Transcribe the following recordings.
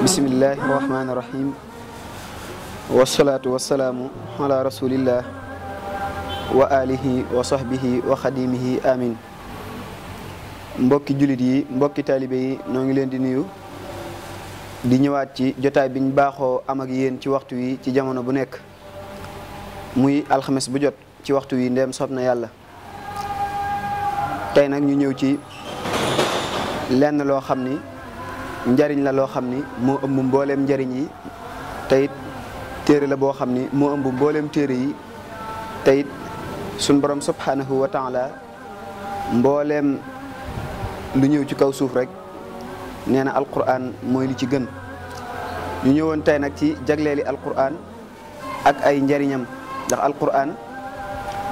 bismillahi rahmaani rahim wasalaamu ala rasulillah wa alihi wa sahbihi wa xadimihi amin mbokki jullit yi mbokki taalibe yi noo ngi leen di nuyu di ñëwaat ci jotaay biñ baaxoo am ak yéen ci waxtu wi ci jamono bu nekk muy alxames bu jot ci waxtu wi ndem soob na yàlla tey nag ñu ñëw ci lenn loo xam ni njariñ la loo xam ni moo ëmb mbooleem njariñ yi teyit téere la boo xam ni moo ëmb mbooleem téere yi teyit suñ borom subhanahu wa taala mbooleem lu ñëw ci kaw suuf rek neena na alquran mooy li ci gën ñu ñëwoon tey nag ci jagleeli alquran ak ay njariñam ndax alquran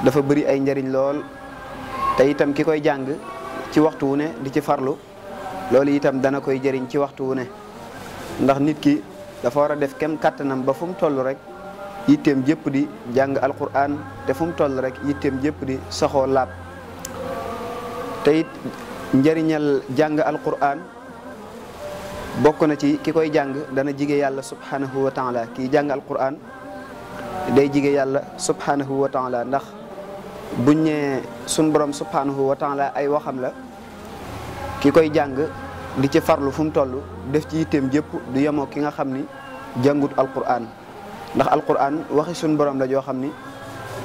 dafa bari ay njariñ lool te itam ki koy jàng ci waxtu wu ne di ci farlu loolu itam dana koy jëriñ ci waxtu wu ne ndax nit ki dafa war a def kem kattanam ba fu mu toll rek yitteem jëpp di jàng alquran te fu mu toll rek yitteem jëpp di saxoo laab te njëriñal jàng alquran bokk na ci ki koy jàng dana jige yàlla subhanahu wa taala kii jàng alquran day jige yàlla subhanahu wa taala ndax buñ ne sun borom subhanahu wa taala ay waxam la ki koy jàng di ci farlu fu mu toll def ci yitteem jëpp du yemoo ki nga xam ni jàngut alquran ndax alquran waxi suñu borom la joo xam ni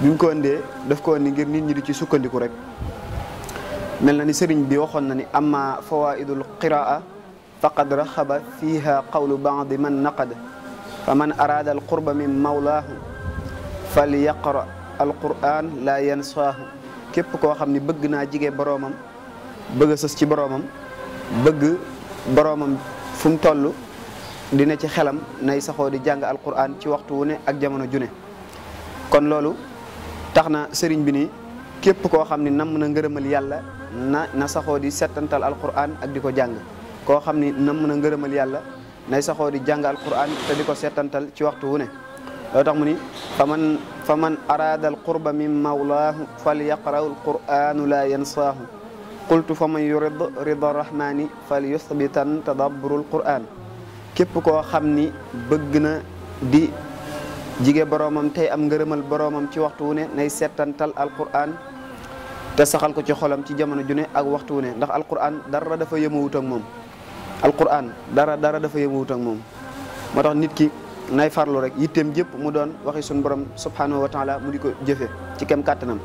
bi mu ko indee daf ko indi ngir nit ñi di ci sukkandiku rek mel na ni sëriñ bi waxoon na ni amma fawaidul qiraa faqad raxaba fiha qawlu baadi man naqad fa man araada al qurba min mawlaahu fal yaqra alquran la yansaahu képp koo xam ni bëgg naa jigéen boroomam bëgg a ci boroomam bëgg boroomam fu mu toll dina ci xelam nay saxoo di jàng alquran ci waxtu wu ne ak jamono ju ne kon loolu tax na sëriñ bi nii képp koo xam ni namm na ngërëmal yàlla na na saxoo di settantal alquran ak di ko jàng koo xam ni namm na ngërëmal yàlla nay saxoo di jàng alquran te di ko settantal ci waxtu wu ne loo tax mu ni fa man fa man araada alqurba min mawlaahu fal yaqra'u alquranu la yansaahu qultu fa man yurid rida rahmani fal yusbitan tadabburul quran képp koo xam ni bëgg na di jige boroomam tey am ngërëmal boroomam ci waxtu wu ne nay settantal alquran te saxal ko ci xolam ci jamono ju ne ak waxtu wu ne ndax alquran dara dafa yemawut ak moom alquran dara dara dafa yemawut ak moom moo tax nit ki nay farlu rek yitteem jëpp mu doon waxi suñu borom subhanahu wa mu di ko jëfe ci kem kàttanam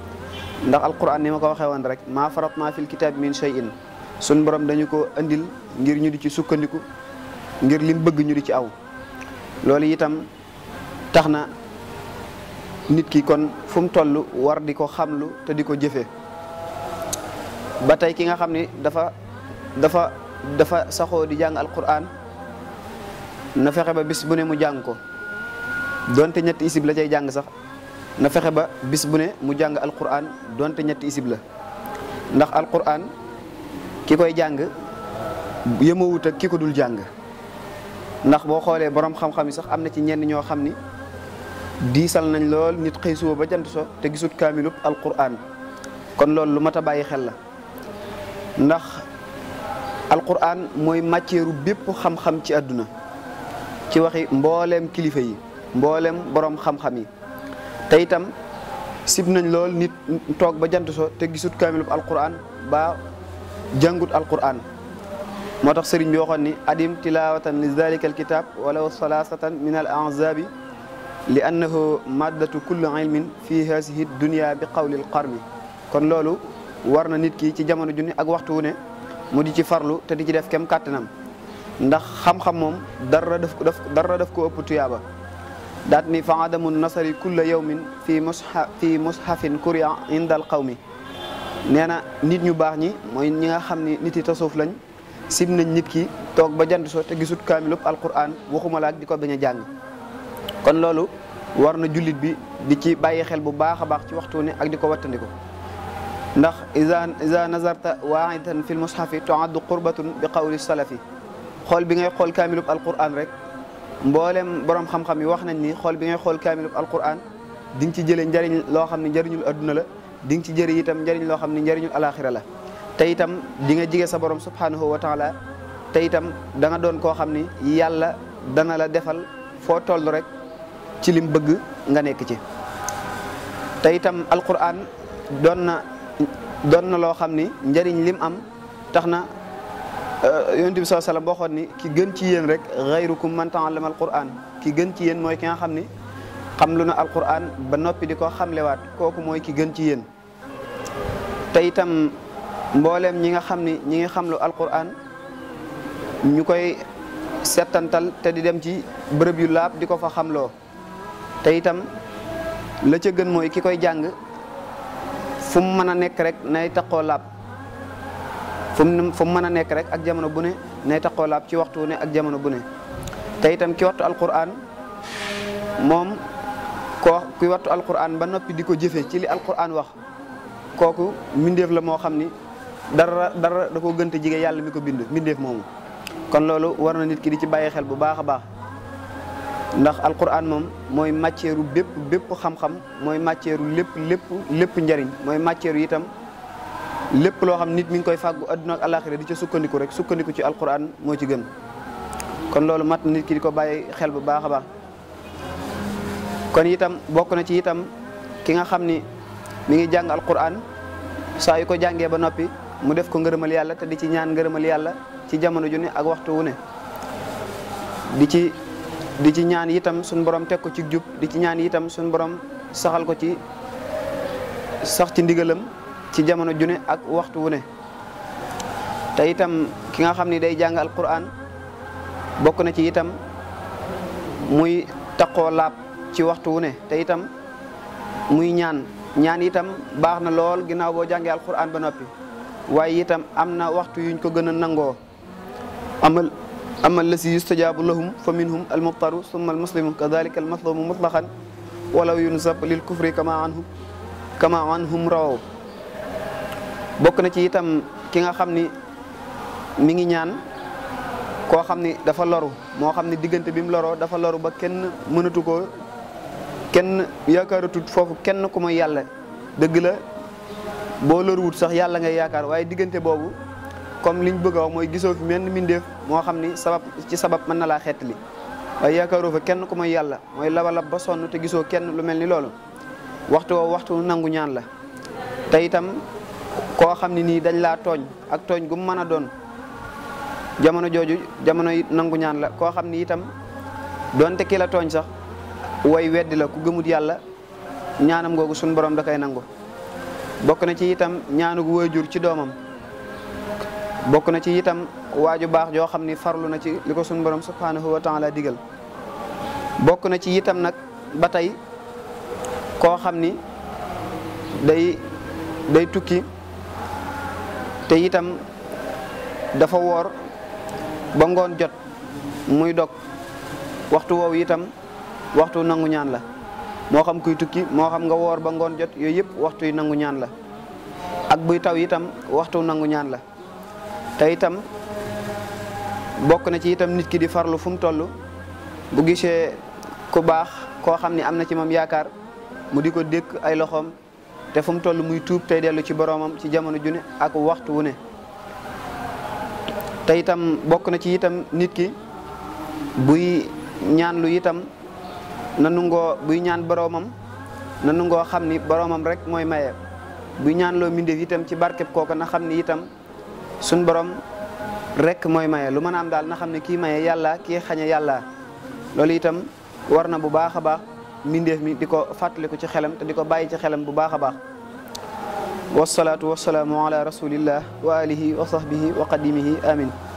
ndax al alquran ni ma ko waxee woon rek maa ma fil kitab min shay'in suñ borom dañu ko andil ngir ñu di ci sukkandiku ngir lim bëgg ñu di ci aw loolu itam tax na nit ki kon fu mu toll war di ko xamlu te di ko jëfe ba tey ki nga xam ni dafa dafa dafa saxoo di jàng alquran na fexe ba bis bu ne mu jàng ko donte ñetti isib la cay jàng sax na fexe ba bis bu ne mu jàng alquran donte ñetti isib la ndax alquran ki koy jàng yemawut ak ki ko dul jàng ndax boo xoolee boroom xam-xam yi sax am na ci ñenn ñoo xam ni diisal nañ lool nit xëy suba ba jant so te gisut kaamilub alquran kon loolu lu mat a bàyyi xel la ndax alquran mooy matière bépp xam-xam ci àdduna ci waxi mbooleem kilifa yi mbooleem boroom xam-xam yi. te itam sib nañ lool nit toog ba jant so te gisut kaamilub ba jàngut alquran moo tax sëriñ bi ni adim tilawatan li zalika alkitab walaw salasatan min al anzabi li annahu maddatu kulli ilmin fi hasihi dunia bi qawlil qarmi kon loolu war na nit ki ci jamono junni ak waxtu wune ne mu di ci farlu te di ci def kem kàttanam ndax xam-xam moom dara daf daf dara daf ko ëpp tuyaaba daat ni fa adamu nasari kulla yawmin fi musha fi mushafin kuria indal qawmi nee na nit ñu baax ñi mooy ñi nga xam ni nit yi tasawuf lañ sim nañ nit ki toog ba jand soo te gisut kaamilub alquran waxuma la ak di ko bañ a jàng kon loolu war na jullit bi di ci bàyyi xel bu baax a baax ci waxtu ne ak di ko wattandiko ndax iza iza nazarta waahidan fil mushafi tuaddu qurbatun bi qawli salafi xool bi ngay xool kaamilub alquran rek mboolem boroom xam-xam yi wax nañ ni xool bi ngay xool kaamilu alquran di nga ci jëlee njariñ loo xam ne njariñul adduna la di ci jëri itam njariñ loo xam ne njariñul alaxira la te itam di nga jige sa borom subhanahu wa taala te itam danga doon koo xam ni yàlla dana la defal foo toll rek ci lim bëgg nga nekk ci te itam alquran doon na doon na loo xam ni njariñ lim am tax na Euh, yonent bi saa sallam boo xoon ni ki gën ci yéen rek xayrukum man ta'allama alquran ki gën ci yéen mooy ki nga xam ni xam lu na alquran ba noppi di ko xamlewaat kooku mooy ki gën ci yéen te itam mbooleem ñi nga xam ni ñi ngi xam lu alquran ñu koy settantal te di dem ci bërëb yu laab di ko fa xamloo te itam la ca gën mooy ki koy jàng fu mu mën a nekk rek nay taqoo laab fu mu fu mën a nekk rek ak jamono bu ne nay taxoo laab ci waxtu ne ak jamono bu ne te itam ki wattu alquran moom koo ki wattu alquran ba noppi di ko jëfee ci li alquran wax kooku mbindeef la moo xam ni dara dara da koo gënte jige yàlla mi ko bind mbindeef moomu kon loolu war nit ki di ci bàyyi xel bu baax a baax ndax alquran moom mooy matière u bépp bépp xam-xam mooy matière u lépp lépp lépp njariñ mooy matière yitam lépp loo xam nit mi ngi koy fàggu adduna ak alaxira di ca sukkandiku rek sukkandiku ci alquran moo ci gën kon loolu mat nit ki di ko bàyyi xel bu baax a baax kon itam bokk na ci itam ki nga xam ni mi ngi jàng alquran saa yu ko jàngee ba noppi mu def ko ngërëmal yàlla te di ci ñaan ngërëmal yàlla ci jamono ju ne ak waxtu wu ne di ci di ci ñaan itam suñu borom teg ci jub di ci ñaan itam suñu borom saxal ko ci sax ci ndigalam ci jamono june ak waxtu wu ne te itam ki nga xam ni day jàng alquran bokk na ci itam muy taqoo laab ci waxtu wu ne te itam muy ñaan ñaan itam baax na lool ginnaaw boo jàngee alquran ba noppi waaye itam am na waxtu yuñ ko gën a nangoo amal amal lasi yustajaabu lahum fa minhum almubtaru summa almuslimu kadalika almatlubu mutlaqan walaw yunsab lil kufri kama anhum kama anhum rawaw bokk na ci itam ki nga xam ni mi ngi ñaan koo xam ni dafa loru moo xam ni diggante bi mu loroo dafa loru ba kenn mënatu ko kenn yaakaaratut foofu kenn ku may yàlla dëgg la boo loruwut sax yàlla ngay yaakaar waaye diggante boobu comme liñ bëgg a mooy gisoo fi menn mbindeef moo xam ni sabab ci sabab mën na laa xeetali waaye yaakaaroo fa kenn ku may yàlla mooy labalab ba sonn te gisoo kenn lu mel ni loolu waxtu waxtu nangu ñaan la te itam koo xam ne nii dañ laa tooñ ak tooñ gu mu mën a doon jamono jooju jamono it nangu ñaan la koo xam ni itam donte ki la tooñ sax way weddi la ku gëmut yàlla ñaanam googu suñu borom da koy nangu bokk na ci itam ñaanu gu waajur ci doomam bokk na ci itam waaju baax joo xam ni farlu na ci li ko suñu borom subhanahu wa taala digal bokk na ci itam nag ba tey koo xam ni day day tukki te itam dafa woor ba ngoon jot muy dog waxtu woowu itam waxtu nangu ñaan la moo xam kuy tukki moo xam nga woor ba ngoon jot yooyu yëpp waxtu yi nangu ñaan la ak buy taw itam waxtu nangu ñaan la te itam bokk na ci itam nit ki di farlu fu mu toll bu gisee ku baax koo xam ni am na ci moom yaakaar mu di ko dékk ay loxoom te fu mu toll muy tuub tey dellu ci boroomam ci jamono ju ne ak waxtu wu ne te itam bokk na ci itam nit ki buy ñaan lu itam na nungoo buy ñaan boroomam na nungoo xam ni boroomam rek mooy maye buy ñaan loo mbindeef itam ci barkeb kooka na xam ni itam suñ borom rek mooy maye lu ma a daal na xam ne kii maye yàlla ki xañe yàlla loolu itam war na bu baax a baax mbindeef mi di ko fàttaliku ci xelam te di ko bàyyi ci xelam bu baax a baax wasalaatu wasalaamu ala rasulillah wa alihi wa sahbihi wa qadimihi amin